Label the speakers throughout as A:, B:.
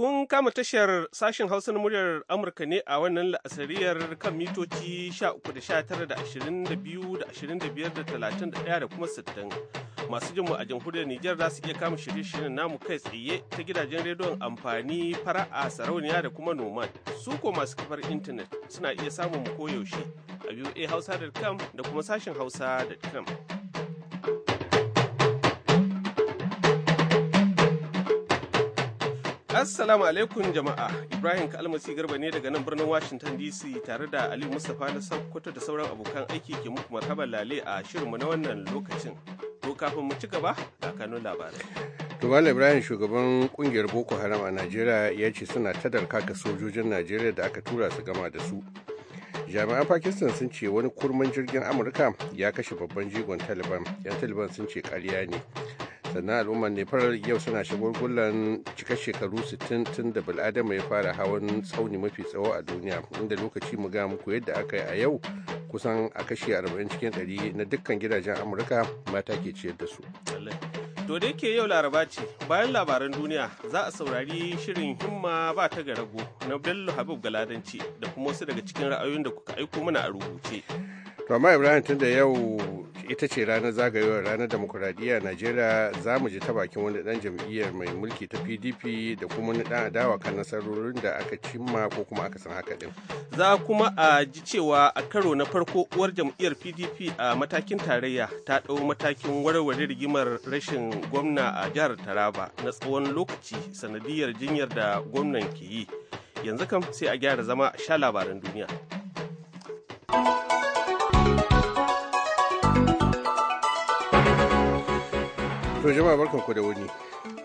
A: Kun kama tashar sashen Hausa na muryar Amurka ne a wannan la'asariyar kan mitoci 13 da 22 da 25 da 31 da kuma 60. Masu jinmu a jamhuriyar Nijar za su iya kama shirye-shiryen namu kai tsaye ta gidajen rediyon amfani fara'a sarauniya da kuma nomad. Su ko masu kafar intanet suna iya samun mu koyaushe a Hausa.com da kuma sashen hausa.com. Assalamu alaikum jama'a Ibrahim Kalmasi Garba ne daga nan birnin Washington DC tare da Ali Mustapha na Sokoto da sauran abokan aiki ke muku marhaban lale a shirinmu na wannan lokacin. To kafin mu ci gaba ga kanun labarai.
B: Tubal Ibrahim shugaban kungiyar Boko Haram a Najeriya ya ce suna ta darkaka sojojin Najeriya da aka tura su gama da su. jami'an pakistan sun ce wani kurman jirgin amurka ya kashe babban jigon taliban yan taliban sun ce karya ne sannan al'ummar nepal yau suna shagulgulan cika shekaru 60 tun da bil'adama ya fara hawan tsauni mafi tsawo a duniya inda lokaci mu ga muku yadda aka yi a yau kusan a kashe 40 cikin 100 na dukkan gidajen amurka mata ke ciyar da su
A: to da yake yau laraba ce bayan labaran duniya za a saurari shirin himma ba ta rago na bello habib galadanci da kuma wasu daga cikin ra'ayoyin
B: da kuka aiko mana a rubuce to amma ibrahim tun da yau ita ce ranar zagayowar ranar demokuraɗiyya a najeriya za mu ji ta bakin wani ɗan jam'iyyar mai mulki ta pdp da kuma wani ɗan adawa kan nasarorin da aka cimma ko kuma aka san haka ɗin za kuma a
A: ji cewa a karo na farko uwar jam'iyyar pdp a matakin tarayya ta ɗau matakin warware rigimar rashin gwamna a jihar taraba na tsawon lokaci sanadiyar jinyar da gwamnan ke yi yanzu kam sai a gyara zama sha labaran duniya.
B: To jama'a ku da wuni.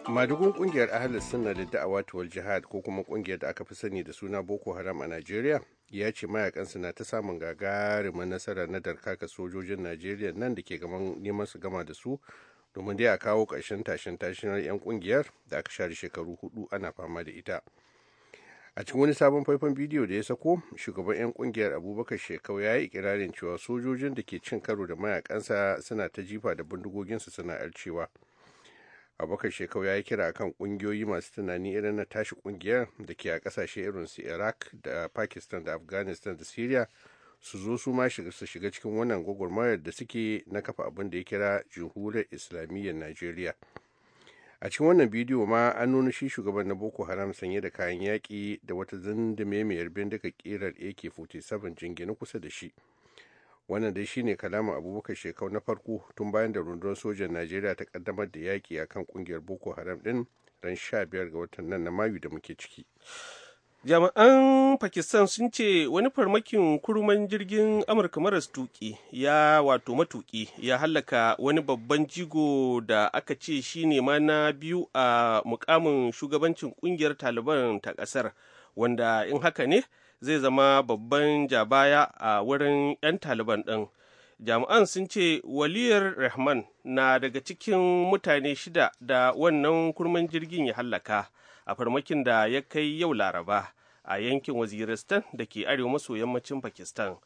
B: Madugun kungiyar ahalar sunna da da'awa wal jihad ko kuma kungiyar da aka fi sani da suna Boko Haram a Najeriya ya ce mayakansu na ta samun gagarima nasara na darkaka sojojin Najeriya nan da ke gaban neman su gama da su domin dai a kawo karshen tashin tashinar 'yan kungiyar da aka share shekaru hudu ana fama da ita. a cikin wani sabon faifan bidiyo da ya sako shugaban 'yan kungiyar abubakar shekau ya yi ikirarin cewa sojojin da ke cin karo da mayakansa suna ta jifa da bindigoginsu suna arcewa abubakar shekau ya yi kira kan kungiyoyi masu tunani irin na tashi kungiyar da ke a kasashe irin su iraq da pakistan da afghanistan da syria su zo su ma su shiga cikin wannan gwagwarmayar da suke na kafa abin da ya kira jamhuriyar islamiyyar najeriya a cikin wannan bidiyo ma an nuna shi shugaban na boko haram sanye da kayan yaƙi da wata yarbin daga ƙirar ak-47 jingine kusa da shi wannan dai shine kalamin abubakar shekau na farko tun bayan da rundunar sojan najeriya ta kaddamar da yaƙi akan ƙungiyar boko haram din ran 15 ga watan nan na mayu da muke ciki jami'an pakistan sun ce wani farmakin
A: kurman jirgin amurka maras tuki ya wato matuki ya hallaka wani babban jigo da aka ce shi ne mana biyu a mukamin shugabancin kungiyar taliban ta kasar wanda in haka ne zai zama babban jabaya a wurin 'yan taliban ɗin jami'an sun ce waliyar rahman na daga cikin mutane shida da wannan kurman jirgin ya hallaka a farmakin da ya kai yau laraba a yankin waziristan da ke arewa maso yammacin pakistan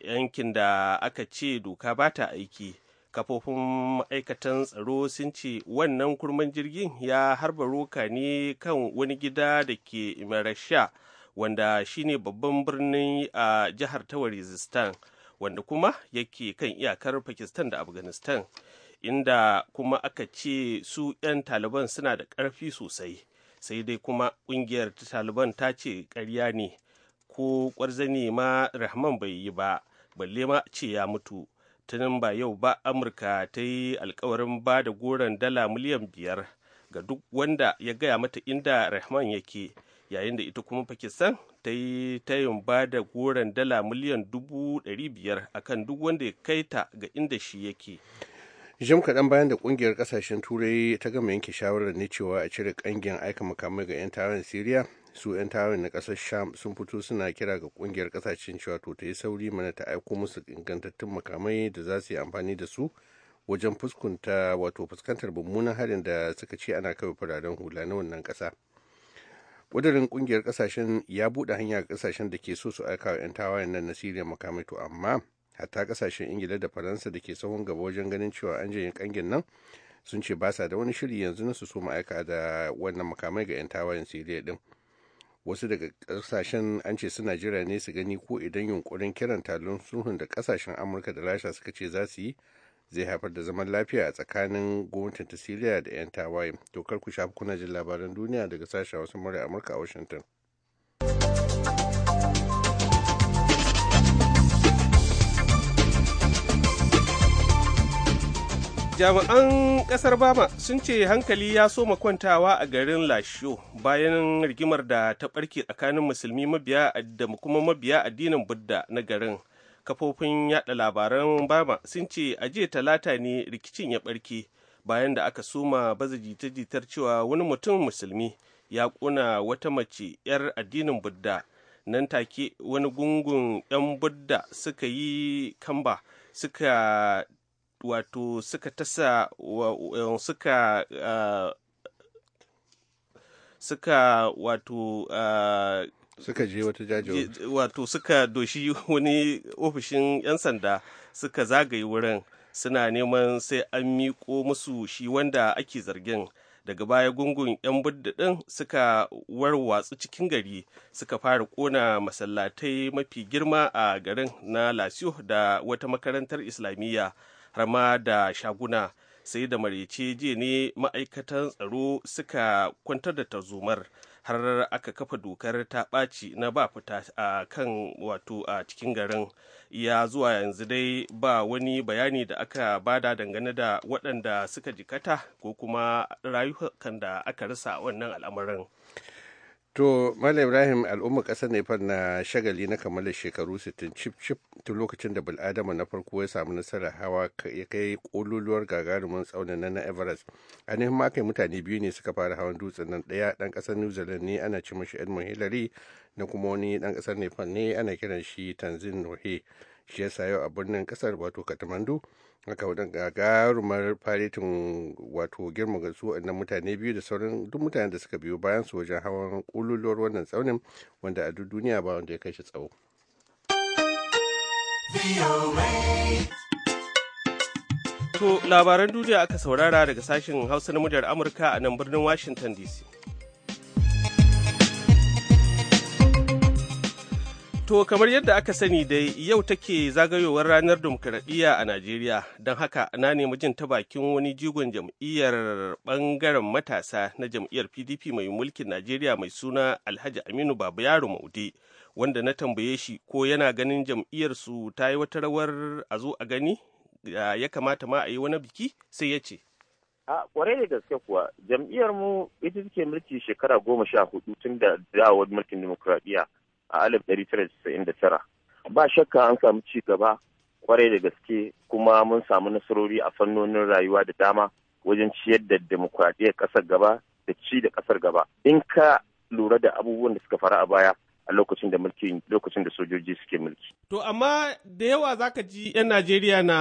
A: yankin da aka ce doka ba ta aiki kafofin ma'aikatan tsaro sun ce wannan kurman jirgin ya harba roka ne kan wani gida da ke imarasha wanda shine babban birnin a jihar tawarizistan wanda kuma yake kan iyakar pakistan da afghanistan inda kuma aka ce su 'yan taliban suna da ƙarfi sosai sai dai kuma ƙungiyar taliban ta ce karya ne ko ƙwarzani ma rahman bai yi ba balle ma ce ya mutu tunan ba yau ba amurka ta yi alkawarin ba da goron dala miliyan biyar ga duk wanda ya gaya mata inda rahman yake yayin da ita kuma pakistan ta yi tayin ba da goron dala miliyan dubu ɗari biyar akan duk wanda ya kai ta ga inda shi yake
B: jim kaɗan bayan da ƙungiyar ƙasashen turai ta gama yanke shawarar ne cewa a cire ƙangin aika makamai ga 'yan tawayen siriya su 'yan tawan na ƙasar sham sun fito suna kira ga ƙungiyar ƙasashen cewa to ta yi sauri mana ta aiko musu ingantattun makamai da za su yi amfani da su wajen fuskunta wato fuskantar mummunan harin da suka ce ana kawai fararen hula na wannan ƙasa ƙudurin ƙungiyar ƙasashen ya buɗe hanya ga ƙasashen da ke so su aika wa 'yan tawayen na siriya makamai to amma hatta kasashen ingila da faransa da ke tsohon gaba wajen ganin cewa an janye kangin nan sun ce ba sa da wani shiri yanzu na su so ma'aika da wannan makamai ga 'yan tawayen siriya din wasu daga kasashen an ce suna jira ne su gani ko idan yunkurin kiran talon sulhun da kasashen amurka da rasha suka ce za su yi zai haifar da zaman lafiya a tsakanin gwamnatin ta siriya da 'yan tawaye dokar ku shafi kuna jin labaran duniya daga sashen wasu murai amurka a washington
A: jami'an kasar bama sun ce hankali ya soma kwantawa a garin lasho bayan rigimar da ta barke tsakanin musulmi mabiya da kuma mabiya addinin budda na garin kafofin yada labaran bama sun ce a talata ne rikicin ya barke bayan da aka soma baza jita-jitar cewa wani mutum musulmi ya kuna wata mace 'yar addinin budda nan take wani gungun 'yan budda suka yi kamba suka wato suka tasa eh, suka eh, suka wato eh, suka je wata wato suka doshi wani ofishin 'yan sanda suka zagaye wurin suna neman sai an miƙo musu shi wanda ake zargin daga baya gungun 'yan budda din suka warwatsu cikin gari suka fara kona masallatai mafi girma a garin na lasio da wata makarantar islamiyya rama da shaguna sai da marece jiya ne ma'aikatan tsaro suka kwantar da tarzomar har aka kafa dokar ta ɓaci na ba fita a kan wato a cikin garin ya zuwa yanzu dai ba wani bayani da aka bada dangane da waɗanda suka jikata ko kuma rayukan da aka rasa wannan al'amarin.
B: To, Malam Ibrahim al'ummar ƙasar Nepal na shagali na kammala shekaru 60 cip cip tun lokacin da bil'adama na farko ya samu nasarar hawa ya kai ƙololuwar gagarumin tsaunin na Everest. A neman makai mutane biyu ne suka fara hawan dutsen nan ɗaya ɗan ƙasar New Zealand ne ana ci mashi Edmund Hillary na kuma wani ɗan ƙasar Nepal ne ana kiran shi Tanzin Nohe. Shi ya sayo a birnin ƙasar wato Kathmandu haka wadda gagarumar faretin wato girma ga su na mutane biyu da sauran duk mutane da suka biyo bayan su wajen hawan kululuwar wannan tsaunin wanda a duk duniya ba wanda ya kai shi tsawo.
A: To labaran duniya aka saurara daga sashen Hausa na muryar Amurka a nan birnin Washington DC. To kamar yadda aka sani dai yau take zagayowar ranar dimokuraɗiyya a Najeriya don haka na nemi jin ta bakin wani jigon jam'iyyar ɓangaren matasa na jam'iyyar PDP mai mulkin Najeriya mai suna Alhaji Aminu Babu Yaro Maude wanda na tambaye shi ko yana ganin jam'iyyar su ta yi wata rawar a zo a gani ya kamata ma a yi wani biki sai ya ce.
C: A kwarai da gaske kuwa jam'iyyar mu ita take mulki shekara goma sha hudu tun da dawowar mulkin dimokuraɗiyya. a 1999 ba shakka an samu ci gaba kwarai da gaske kuma mun samu nasarori a fannonin rayuwa da dama wajen ciyar da demokuraɗiyyar ƙasar gaba da ci da ƙasar gaba in ka lura da abubuwan da suka faru a baya a lokacin da mulki lokacin da sojoji suke mulki.
A: To amma da yawa zaka ji 'yan Najeriya na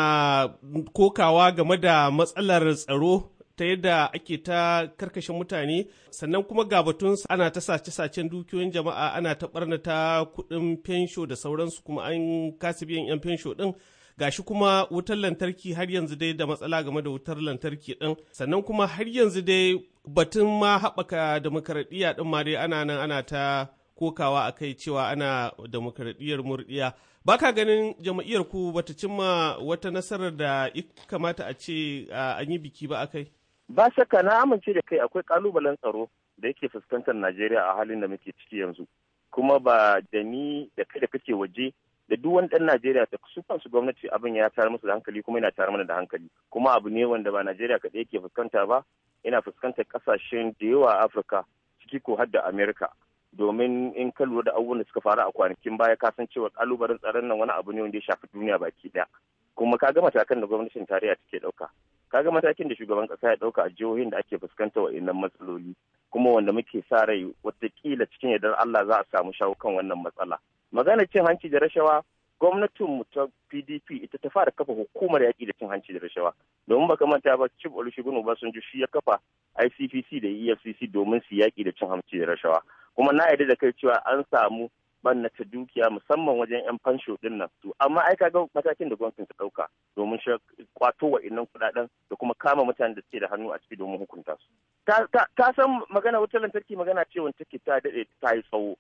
A: kokawa game da matsalar tsaro ta yadda ake ta karkashin mutane sannan kuma ga batun ana ta sace-sacen dukiyoyin jama'a ana ta barna ta kudin fensho da sauransu kuma an kasa biyan 'yan fensho ɗin gashi kuma wutar lantarki har yanzu dai da matsala game da wutar lantarki din sannan kuma har yanzu dai batun ma haɓaka demokaradiyya ɗin ma dai ana nan ana ta kokawa a kai cewa ana demokaradiyyar murɗiya ba ka ganin jama'iyyar ku bata cimma wata nasarar da kamata a ce an yi biki ba a kai
C: ba shakka na amince da kai akwai kalubalen tsaro da yake fuskantar najeriya a halin da muke ciki yanzu kuma ba da ni da kai da kake waje da duk wani dan Najeriya da su kansu gwamnati abin ya tare musu da hankali kuma yana tare mana da hankali kuma abu ne wanda ba Najeriya kaɗai yake fuskanta ba yana fuskantar ƙasashen da yawa a Afirka ciki ko har da Amerika domin in ka lura da abubuwan da suka faru a kwanakin baya ka san cewa kalubalen tsaron nan wani abu ne wanda ya shafi duniya baki ɗaya kuma ka ga matakan da gwamnatin tarayya take ɗauka kaga matakin da shugaban kasa ya dauka a jihohin da ake fuskanta wa'annan matsaloli kuma wanda muke sa rai watakila cikin yardar Allah za a samu shawo kan wannan matsala magana cin hanci da rashawa gwamnatin mu ta PDP ita ta fara kafa hukumar yaƙi da cin hanci da rashawa domin baka manta ba Chief Olusegun Obasanjo shi ya kafa ICPC da EFCC domin su yaƙi da cin hanci da rashawa kuma na yarda da kai cewa an samu ɓannata dukiya musamman wajen 'yan fansho din nan. To amma ai kaga matakin da gwamnatin ta ɗauka domin kwato wa'innan kuɗaɗen da kuma kama mutanen da suke da hannu a ciki domin hukunta su. Ka san magana wutar lantarki magana cewa take ta dade ta yi tsawo.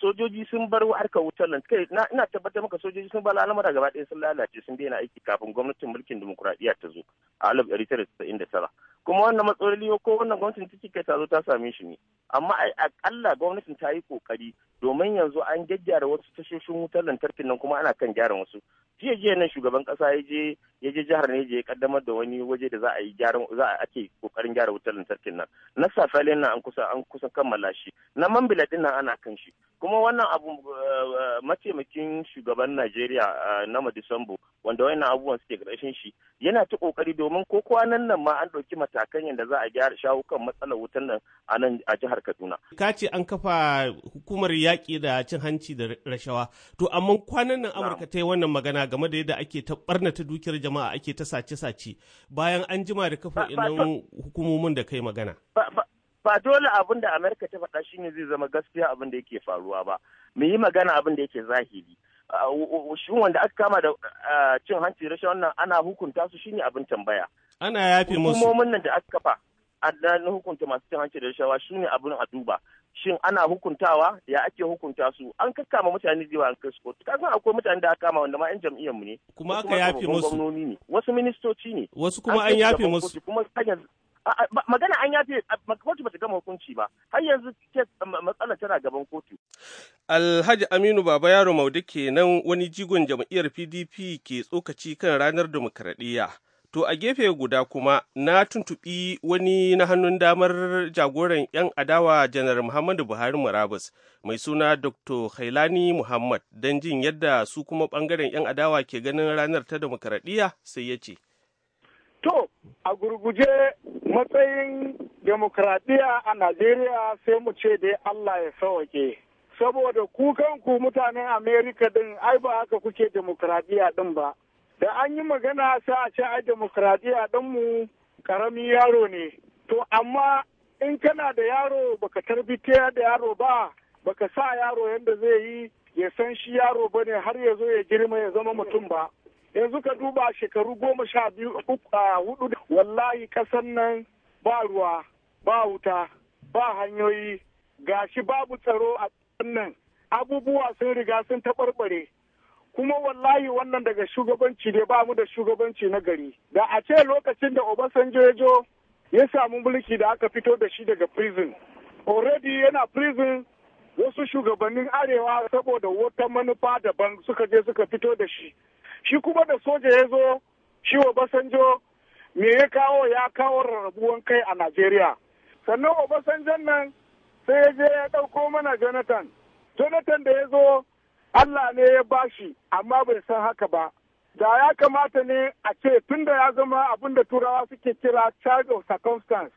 C: sojoji sun bar harkar wutar lantarki na ina tabbatar maka sojoji sun bar al'amura gaba ɗaya sun lalace sun daina aiki kafin gwamnatin mulkin dimokuraɗiyya ta zo a alif ɗari tara da tara kuma wannan matsaloli ko wannan gwamnatin ta ke ta zo ta same shi ne amma akalla gwamnatin ta yi kokari domin yanzu an gyaggyara wasu tashoshin wutar lantarkin nan kuma ana kan gyara wasu jiya jiya nan shugaban kasa ya je ya je jihar Neja ya kaddamar da wani waje da za a yi gyaran za a ake kokarin gyara wutar lantarkin nan na safale nan an kusa an kusan kammala shi na mambila din nan ana kan shi kuma wannan abu eh, eh, mataimakin shugaban Najeriya eh, na Madisambo wanda wannan abubuwan suke karshen shi yana ta kokari domin ko kwanan nan ma an dauki matakan yadda za a gyara shawo kan matsalar wutar nan a nan a jihar Kaduna
A: ka ce an kafa hukumar yaƙi da cin hanci da rashawa to amma kwanan nan Amurka ta yi wannan magana game da yadda ake ta barnata dukiyar jama'a ake ta sace-sace bayan an jima da kafa inan hukumomin da kai magana.
C: Ba dole abin da Amerika ta faɗa shi ne zai zama gaskiya abin da yake faruwa ba. Mu yi magana abin da yake zahiri. Shin wanda aka kama da cin hanci rashin wannan ana hukunta su shine abin tambaya.
A: Ana yafe musu. Hukumomin
C: nan da aka kafa. na hukunta masu cin hanci da rashawa shine abin a duba shin ana hukuntawa ya ake hukunta su an kakkama mutane da an kai su ka san akwai mutane da aka kama wanda ma yan jam'iyyar mu ne
A: kuma aka yafe musu wasu ministoci ne wasu kuma an yafe musu
C: kuma magana an yafe kotu bata gama hukunci ba har yanzu matsala tana gaban kotu
A: Alhaji Aminu Baba Yaro Maudu kenan wani jigon jam'iyyar PDP ke tsokaci kan ranar dimokuraɗiyya. To a gefe guda kuma na tuntuɓi wani na hannun damar jagoran 'yan adawa janar Muhammadu Buhari Murabus mai suna Dr. Hailani Muhammad don jin yadda su kuma ɓangaren 'yan adawa ke ganin ranar ta demokaradiyya sai ya ce.
D: To, a gurguje matsayin demokaradiyya a Najeriya sai mu ce dai Allah ya sauke Saboda ku mutanen Amerika din ai ba haka kuke demokaradiyya din ba. da an yi magana sa a ce a demokradiyya ɗanmu karami yaro ne to amma in kana da yaro baka tarbitiya da yaro ba baka sa yaro yadda zai yi ya san shi yaro ba ne har ya zo ya girma ya zama mutum ba yanzu ka duba shekaru goma sha biyu a hudu wallahi kasan nan ba ruwa ba wuta ba hanyoyi gashi babu tsaro a nan abubuwa sun riga sun taɓarɓare kuma wallahi wannan daga shugabanci ne ba mu da shugabanci na gari da a ce lokacin da obasanjo ya jo ya samu mulki da aka fito da shi daga prison already yana prison wasu shugabannin arewa saboda wata manufa daban suka je suka fito da shi shi kuma da soja ya zo shi obasanjo me ya kawo ya kawo rarrabuwan kai a najeriya sannan obasanjon nan sai ya je ya ɗauko mana jonathan jonathan da ya zo Allah ne ya bashi amma bai san haka ba. Da ya kamata ne a ce tunda ya zama abin da turawa suke kira charge of circumstance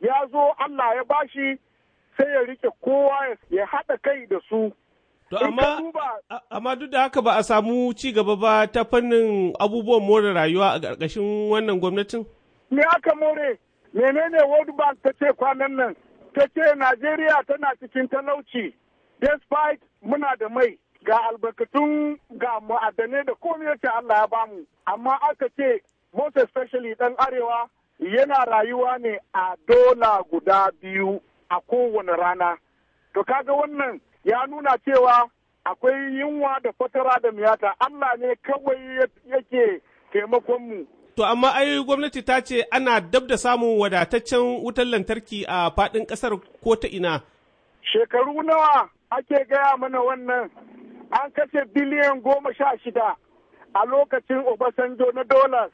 D: ya zo Allah ya bashi sai ya rike
A: kowa ya haɗa kai da su. To amma duk da haka ba a samu ci gaba ba ta fannin abubuwan more rayuwa a ƙarƙashin wannan gwamnatin? Me aka
D: more? Menene World Bank ta ce kwanan nan? Ta ce Najeriya tana cikin talauci despite muna da mai. ga albarkatun ga ma'adanai da komai yake Allah ya bamu amma aka ce most especially dan arewa yana rayuwa ne a dola guda biyu a kowane rana to kaga wannan ya nuna cewa akwai yunwa da fatara da miyata Allah
A: ne kawai yake taimakon mu To amma ai gwamnati ta ce ana dab da samun wadataccen wutar lantarki a faɗin ƙasar ko ta ina.
D: Shekaru nawa ake gaya mana wannan an kashe biliyan goma sha shida a lokacin obasanjo na dollars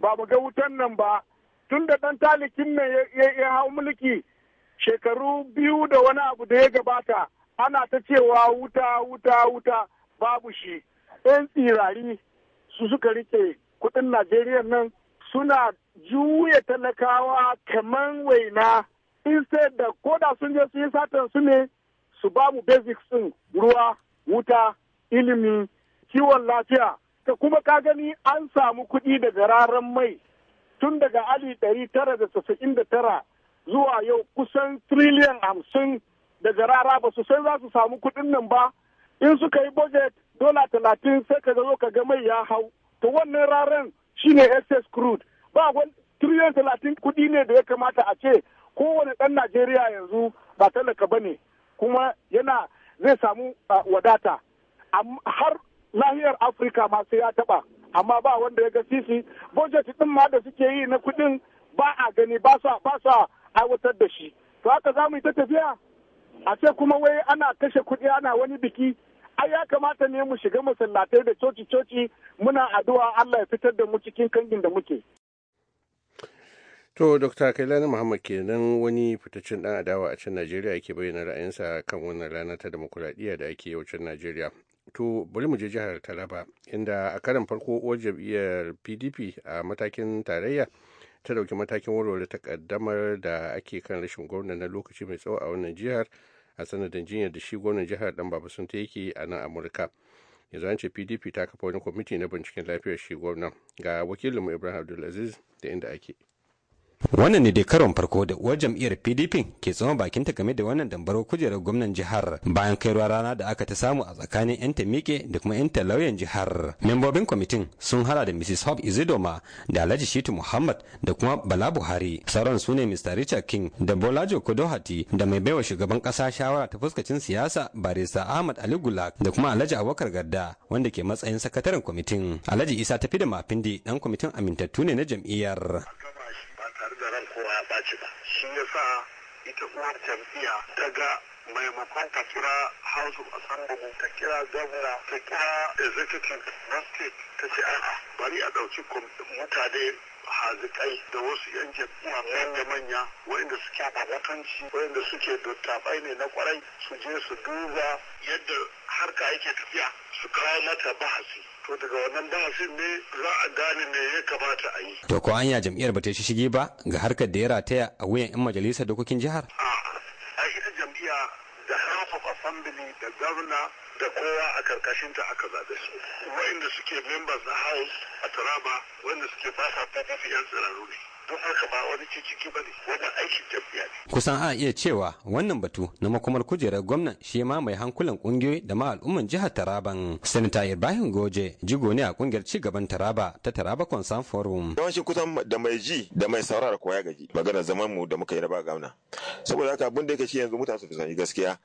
D: ba mu ga wutan nan ba tun da ɗan talikin nan ya hau mulki shekaru biyu da wani abu da ya gabata ana ta cewa wuta wuta wuta babu shi 'yan tsirari su suka rike kudin najeriya nan suna juya talakawa kaman waina in sai da koda sun je su yi satan su ne su babu basic basics ruwa wuta ilimi kiwon lafiya ka kuma ka gani an samu kuɗi daga raran mai tun daga ali ɗari tara da da tara zuwa yau kusan triliyan hamsin daga rara ba su san za su samu kuɗin nan ba in suka yi budget dola talatin sai ka zo ka ga mai ya hau ta wannan raran shine excess crude ba wani triliyan talatin kuɗi ne da ya kamata a ce kowane ɗan najeriya yanzu ba talaka ba ne kuma yana zai samu ah, wadata har lahiyar afirka masu ya taba amma ba wanda ya ga sisi budget din ma da suke yi na kudin ba a gani ba sa ba aiwatar da shi to haka za mu yi ta tafiya a ce kuma wai ana kashe kudi ana wani biki ai ya kamata ne mu shiga masallatai da coci coci muna addu'a Allah ya fitar da mu cikin kangin da muke
B: To, Dr. Kailani Muhammad kenan wani fitaccen ɗan adawa a can Najeriya ke bayyana ra'ayinsa kan wannan rana ta demokuraɗiyya da ake wacan Najeriya. To, bari mu je jihar Taraba, inda a karan farko uwar jam'iyyar PDP a matakin tarayya ta ɗauki matakin warware takaddamar da ake kan rashin gwamna na lokaci mai tsawo a wannan jihar a sanadin jinyar da shi gwamnan jihar ɗan baba sun ta yake a nan Amurka. yanzu an ce pdp ta kafa wani kwamiti na binciken lafiyar shi gwamna ga wakilinmu ibrahim abdulaziz da inda ake
E: wannan ne dai karon farko da uwar
B: jam'iyyar pdp
E: ke tsoma bakinta game da wannan dambaro kujerar gwamnan jihar bayan kai rana da aka ta samu a tsakanin yan tamike da kuma yan lauyan jihar membobin kwamitin sun hada da mrs hope izidoma da alhaji shitu muhammad da kuma bala buhari sauran su ne mr richard king da bolajo kodohati da mai baiwa shugaban kasa shawara ta fuskacin siyasa barista ahmad ali gulak da kuma alhaji abubakar garda wanda ke matsayin sakataren kwamitin alhaji isa tafi da mafindi dan kwamitin amintattu ne na jam'iyyar
F: da kowa ya ɓaci ba shi ya sa ita
D: uwar jam'iyya ta ga maimakon ta kira house of assembly ta kira gwamna ta kira executive
F: na state ta ce a'a bari a ɗauki mutane hazikai da wasu
D: yan jam'iyya manya manya wa'inda suke a mutunci wa'inda suke dattabai ne na kwarai su je su duba yadda harka yake tafiya su kawo mata
E: bahasi to daga wannan bahasin ne za a gane me ya kamata a yi to ko anya jam'iyyar ba ta shi shige ba ga harkar da ya rataya a wuyan 'yan majalisar dokokin jihar a ita jam'iyya da half of assembly
D: da gwamna da kowa a karkashinta aka zaɓe su wa'inda suke members na house a taraba wa'inda suke fasa pdp
E: yan tsirarru ne don haka ba wani ciki ba ne wannan aikin tafiya ne. kusan a iya cewa wannan batu na makomar kujerar gwamnan shi ma mai hankulan kungiyoyi da ma al'umman jihar taraban senator ibrahim goje jigo ne a kungiyar ci gaban taraba ta taraba concern forum.
C: yawanci kusan da mai ji da mai saurara ya gaji magana zaman mu da muka yi na ba gwamna saboda haka abin da yake shi yanzu mutane su fi gaskiya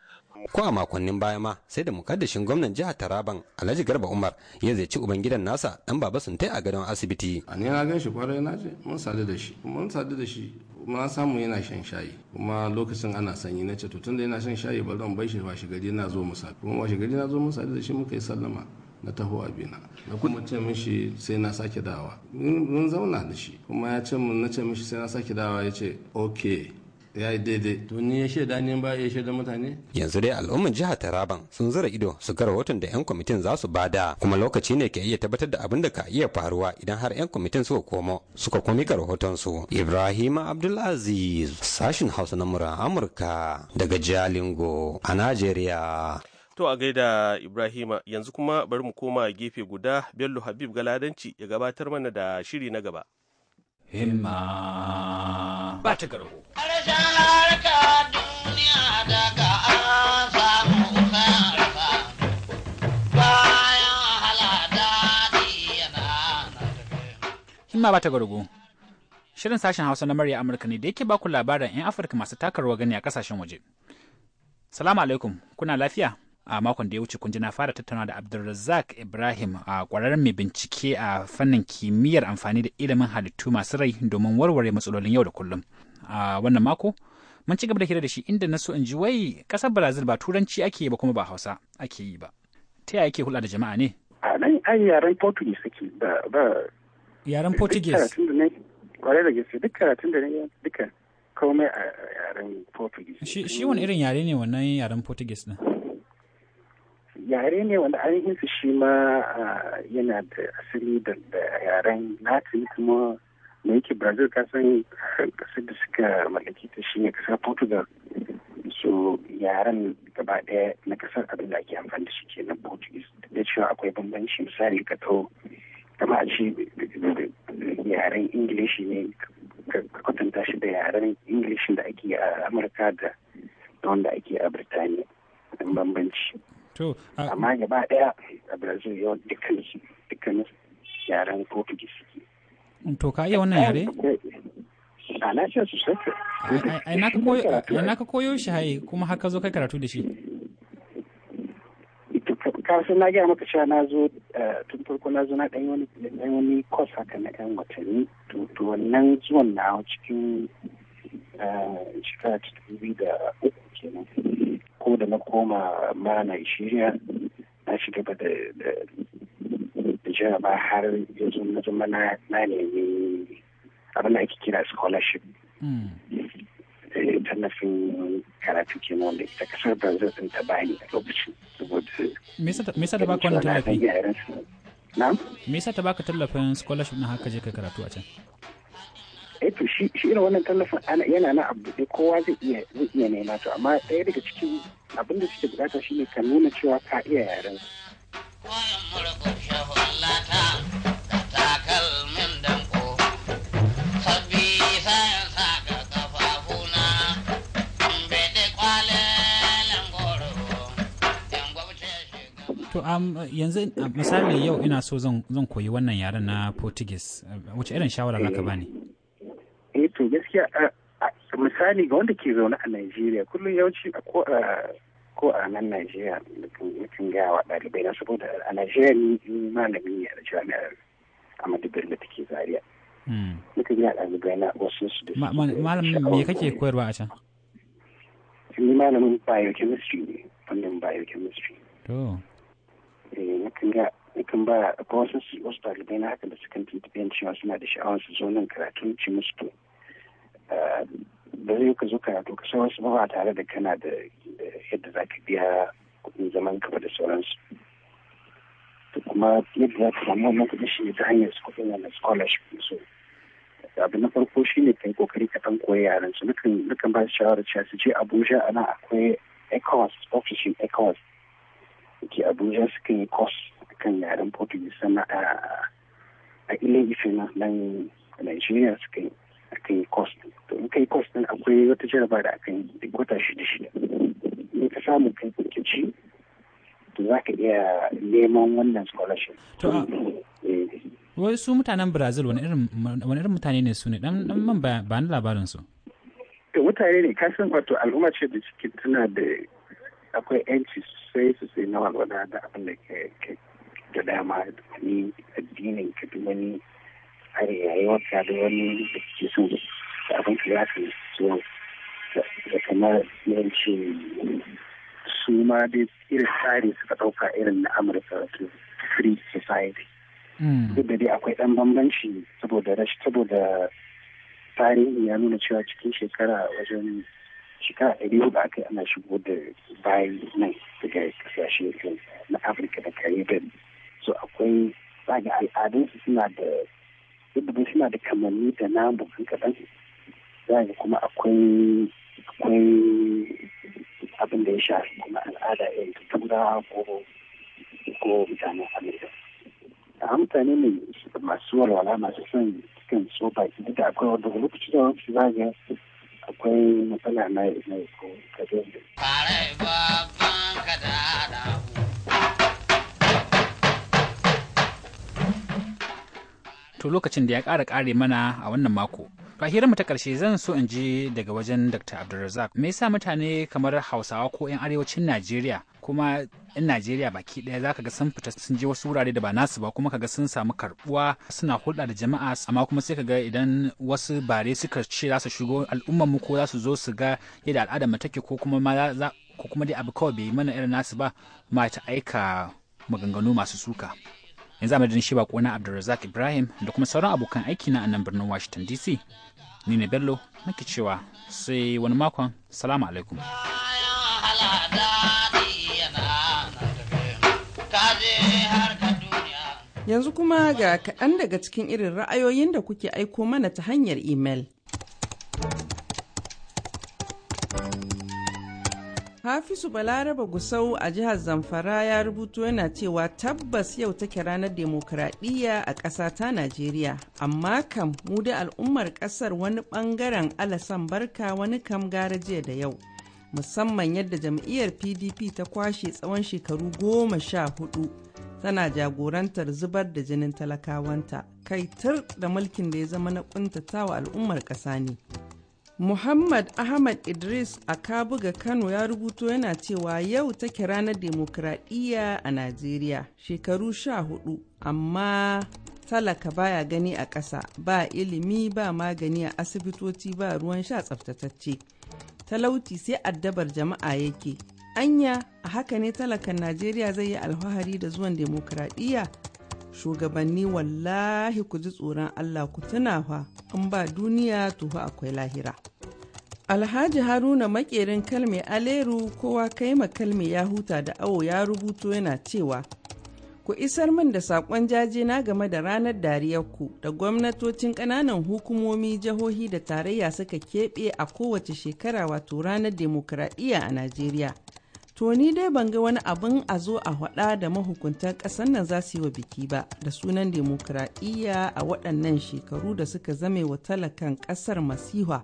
E: ko a makonnin baya ma sai da mukaddashin gwamnan jihar Taraban Alhaji Garba Umar ya zai ci ubangidan nasa dan baba sun tai a gadon asibiti a ne na gan shi kwarai na je mun sadu da shi mun sadu da shi na samu yana shan shayi kuma lokacin ana sanyi na ce to tunda yana shan shayi ba
A: zan bai shi washe gari na zo musa kuma washe gari na zo sadu da shi muka yi sallama na taho abina na kuma ce mishi sai na sake dawa mun zauna da shi kuma ya ce mun na ce mishi sai na sake dawa ya ce okay ya yi daidai to ni ya shaida ne ba ya shaida mutane
E: yanzu dai al'ummar jihar taraban sun zura ido su ga rahoton da yan kwamitin za su bada kuma lokaci ne ke iya tabbatar da abin da ka iya faruwa idan har yan kwamitin suka komo suka komi ka rahoton su ibrahim abdulaziz sashin hausa na mura amurka daga jalingo a nigeria.
A: To a gaida Ibrahima yanzu kuma bari mu koma gefe guda Bello Habib Galadanci ya gabatar mana da shiri na gaba.
G: himma ba ta garho. Himma ba ta garho. Shirin sashen Hausa na murya Amurka ne da yake baku labarin 'yan Afirka masu takarwa gani a kasashen waje. Salamu alaikum, kuna lafiya? a makon da ya wuce kun ji na fara tattauna da Abdulrazak Ibrahim a kwararren mai bincike a fannin kimiyyar amfani da ilimin halittu masu rai domin warware matsalolin yau da kullum. A wannan mako mun ci gaba da hira da shi inda na so in ji wai kasar Brazil ba turanci ake yi ba kuma ba Hausa ake yi ba. Ta yaya ake hulɗa da jama'a ne?
F: A nan ai
G: yaren Portuguese suke
F: ba ba yaren Portuguese. Kwarai da gaske duk karatun da ne duka komai a yaren Portuguese. Shi wani irin
G: yare ne wannan yaren Portuguese din?
F: yare ne wanda ainihin su shi ma yana da asali da yaren latin kuma da yake brazil kasan kasar da suka mallaki ta shi ne kasar portugal so yaren gaba daya na kasar abin da ake amfani da shi ke na portuguese da cewa akwai bambanci misali ka tau kama a shi yaren ingilishi ne ka kwatanta shi da yaren ingilishin da ake a amurka da wanda ake a birtaniya bambanci amma gaba daya a brazil yau dukkan su dukkan yaren portuguese
G: to ka iya wannan yare
F: a na ce su sake na ka koyo shi haye
G: kuma haka zo kai karatu da shi
F: kasu na gaya maka cewa na zo tun farko na zo na ɗan wani kwas haka na ɗan watanni to wannan zuwan na cikin shekara ta dubu da uku kenan farko da na koma ma Nigeria na shiga da jaraba har yanzu na zama na nemi abin da ake kira scholarship hmm. eh, tallafin karatu ke nan da ita kasar brazil zai ta bani a lokacin saboda
G: me yasa ta baka wannan tallafi me yasa ta baka tallafin scholarship na haka je ka karatu a can
F: Eh, to shi irin wannan tallafin yana na abu da kowa zai iya zai iya nema to amma ɗaya daga cikin abin da suke bukata shine ka nuna cewa ka iya yaren su.
G: To um, yanzu uh, misali yau ina so zan koyi wannan yaren na Portuguese, uh, wace irin shawara za ka bani?
F: eh to gaskiya eh, misali ga wanda ke zaune a Najeriya kullum yawanci ko a eh, ko a nan Najeriya mutum ga wa ɗalibai na saboda a Najeriya ni malami ne a jami'ar Amadu Bello take Zaria. Hmm. Mutum ya ɗalibai na wasu su da
G: Malamin me kake koyarwa a can?
F: Ni malamin biochemistry ne, fannin biochemistry. To. Eh, mutum ga mutum ba wasu wasu ɗalibai na haka da sukan tuntuɓe cewa suna da sha'awar su zo nan karatun ci musu to. da zai ka zo karatu ka sauran su ba tare da kana da yadda za ka biya kuɗin zaman ka da sauransu kuma yadda za ka samu wannan kuɗin shi ne ta hanyar kuɗin wannan scholarship so abu na farko shine kai kokari ka dan koyi yaran su nukan nukan ba su shawarar cewa su je Abuja ana akwai ECOWAS ofishin ECOWAS ke Abuja sukan yi course kan yaren Portuguese sannan a a Ile Ife nan Nigeria sukan yi aka yi cost to in kai cost din akwai wata jaraba da aka yi duk wata shida shida in ka samu kai ci to za ka iya neman wannan scholarship
G: wai su mutanen brazil wani irin mutane ne su ne dan man ba ni labarin su
F: to mutane ne ka san wato al'umma ce da ciki tana da akwai yanci sosai sosai na walwala da abin da ke da dama wani addinin ka wani tsare ta da wani da ke so da abin da ya ka so da kuma irin ce su ma dai irin tsari suka ɗauka irin na amurka wato free society hmm. duk da dai akwai ɗan bambanci saboda rashi saboda tarihi ya nuna cewa cikin shekara wajen shekara ɗari hudu aka yi ana shigo da bayan nan daga kasashe na afirka da caribbean so akwai zaga al'adunsu suna da duk da suna da kamanni da namu sun kaɗan za ga kuma akwai akwai abin da ya shafi kuma al'ada irin ta tura ko ko mutanen amurka a mutane ne masu walwala masu son cikin so baki duk da akwai wanda lokaci da wani shi ga akwai matsala na ko kaje.
G: to lokacin da ya ƙara ƙare mana a wannan mako. To a mu ta ƙarshe zan so in ji daga wajen Dr. Abdulrazak me yasa mutane kamar Hausawa ko 'yan arewacin Najeriya kuma 'yan Najeriya baki ɗaya za ka ga sun fita sun je wasu wurare da ba nasu ba kuma ka ga sun samu karbuwa suna hulɗa da jama'a amma kuma sai ka ga idan wasu bare suka ce za su shigo al'ummar mu ko za su zo su ga yadda al'ada mu take ko kuma ma ko kuma dai abu kawai bai mana irin nasu ba ma ta aika maganganu masu suka. yanzu amma da shi bako abdulrazak ibrahim da kuma sauran abokan aiki na nan birnin washington dc ni ne bello nake cewa sai wani makon salamu alaikum
H: yanzu kuma ga kaɗan daga cikin irin ra'ayoyin da kuke aiko mana ta hanyar imel. Hafizu Balaraba Gusau a jihar Zamfara ya rubuto yana cewa tabbas yau take ranar demokradiyya a ƙasa ta Najeriya, amma kam mu da al'ummar ƙasar wani ɓangaren alasan barka wani kam gara jiya da yau. Musamman yadda jam'iyyar PDP ta kwashe tsawon shekaru goma sha hudu tana jagorantar zubar da jinin talakawanta, kai tar da mulkin da ya zama na ƙuntatawa al'ummar ƙasa ne. Muhammad Ahmad Idris a Kabuga Kano ya rubuto yana cewa yau take ranar demokradiyya a Najeriya shekaru sha hudu amma talaka baya gani a ƙasa ba ilimi ba magani a asibitoci ba ruwan sha tsaftatacce talauci sai addabar jama'a yake anya a haka ne talakan Najeriya zai yi alfahari da zuwan demokradiyya shugabanni wallahi ku ji tsoron Allah ku tuna fa in ba duniya tuhu akwai lahira. Alhaji Haruna makerin kalme Aleru kowa kai ma kalme ya huta da awo ya rubuto yana cewa ku isar min da saƙon jaje na game da ranar dariyarku da gwamnatocin ƙananan hukumomi jihohi da tarayya suka keɓe a kowace shekara wato ranar demokradiyya a Najeriya. To ni dai ban ga wani abin a zo a haɗa da mahukuntan ƙasar nan za su yi wa biki ba da sunan demokuraɗiyya a waɗannan shekaru da suka zame wa talakan ƙasar masiha.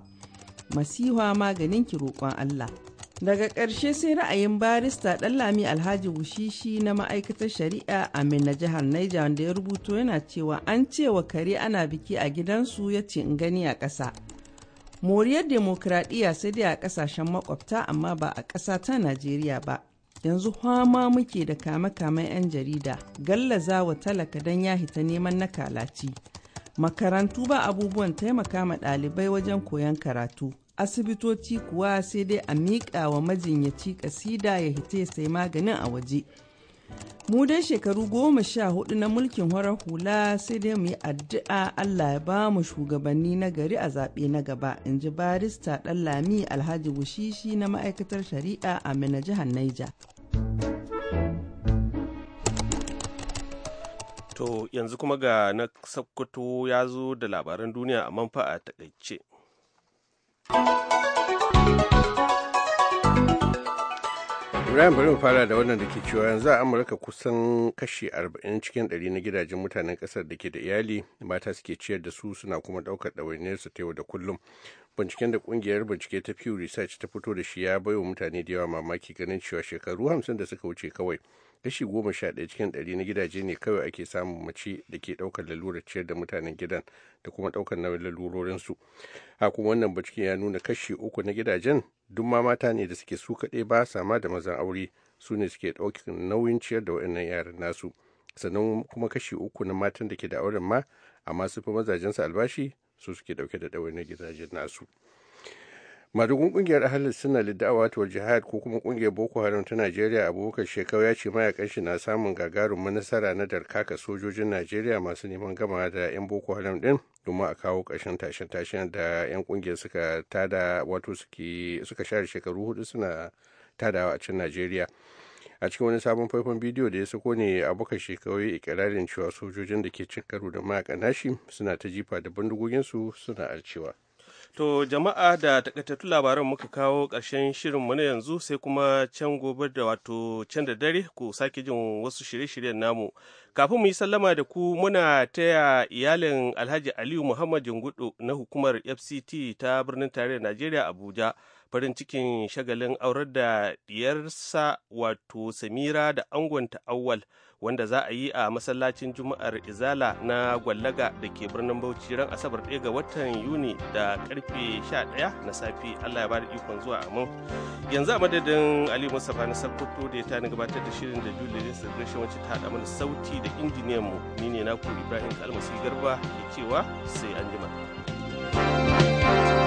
H: Masiha maganin ki roƙon Allah. Daga ƙarshe sai ra'ayin barista Ɗanlami Alhaji Wushishi na ma'aikatar shari'a a na jihar Niger wanda ya rubuto yana cewa an ce wa kare ana biki a gidansu ya ce in gani a ƙasa. moriyar demokradiyya sai dai a kasashen makwabta amma ba a ƙasa ta najeriya ba yanzu hama muke da kame-kamen 'yan jarida gallaza wa talaka don ya hita neman na makarantu ba abubuwan taimaka ma ɗalibai wajen koyon karatu asibitoci kuwa sai dai a miƙa wa majinyaci ƙasida ya hita ya sai maganin a waje mu dai shekaru goma sha hudu na mulkin horar hula sai dai mu yi addu'a Allah ya ba mu shugabanni na gari a zaɓe na gaba in ji barista ɗan lami alhaji wushishi na ma'aikatar shari'a a mina jihar Naija.
A: To yanzu kuma ga na sakkwato ya zo da labaran duniya a manfa a takaice.
B: Ibrahim bari mu fara da wannan da ke cewa yanzu a Amurka kusan kashi 40 cikin 100 na gidajen mutanen kasar da ke da iyali mata suke ciyar da su suna kuma daukar ɗawainiyar su ta yau da kullum. Binciken da kungiyar bincike ta Pew Research ta fito da shi ya baiwa mutane da yawa mamaki ganin cewa shekaru 50 da suka wuce kawai kashi goma sha ɗaya cikin ɗari na gidaje ne kawai ake samun mace da ke ɗaukar lalurar ciyar da mutanen gidan da kuma ɗaukar nauyin lalurorinsu a kuma wannan bincike ya nuna kashi uku na gidajen duk ma mata ne da suke su kaɗai ba sama da mazan aure su ne suke ɗaukar nauyin ciyar da waɗannan yaran nasu sannan kuma kashi uku na matan da ke da auren ma amma su fi mazajensu albashi su suke ɗauke da na gidajen nasu. madugun kungiyar ahalin suna lidda'awa to jihad ko kuma kungiyar boko haram ta najeriya abubakar shekau ya ce mayakan shi na samun gagarun manasara na darkaka sojojin najeriya masu neman gama da yan boko haram din domin a kawo ƙarshen tashen-tashen da yan kungiyar suka tada wato suka share shekaru hudu suna tadawa a cikin najeriya a cikin wani sabon faifan bidiyo da ya sako ne abokan shekaru ikirarin cewa sojojin da ke cin karo da mayaka nashi suna ta jifa da bindigoginsu suna arcewa. To
A: jama'a da takaitattu labaran muka kawo ƙarshen shirinmu na yanzu sai kuma can gobe da wato can da dare ku sake jin wasu shirye-shiryen namu. Kafin mu yi sallama da ku muna taya iyalin Alhaji Aliyu Muhammad Jingudu na hukumar FCT ta birnin tarayyar Najeriya Abuja farin cikin shagalin aurar da diyarsa wato Samira da angonta Awwal. wanda za a yi a masallacin juma'ar izala na gwallaga da ke birnin bauchi ran asabar ɗaya ga watan yuni da karfe 11 na safi allah ya bada ikon zuwa amin yanzu a madadin ali mustapha na sarkoto da ya ta ni gabatar da shirin da julie da rashin wacce ta haɗa mana sauti da injiniyan mu ni ne naku ibrahim kalmasi garba ke cewa sai an jima thank you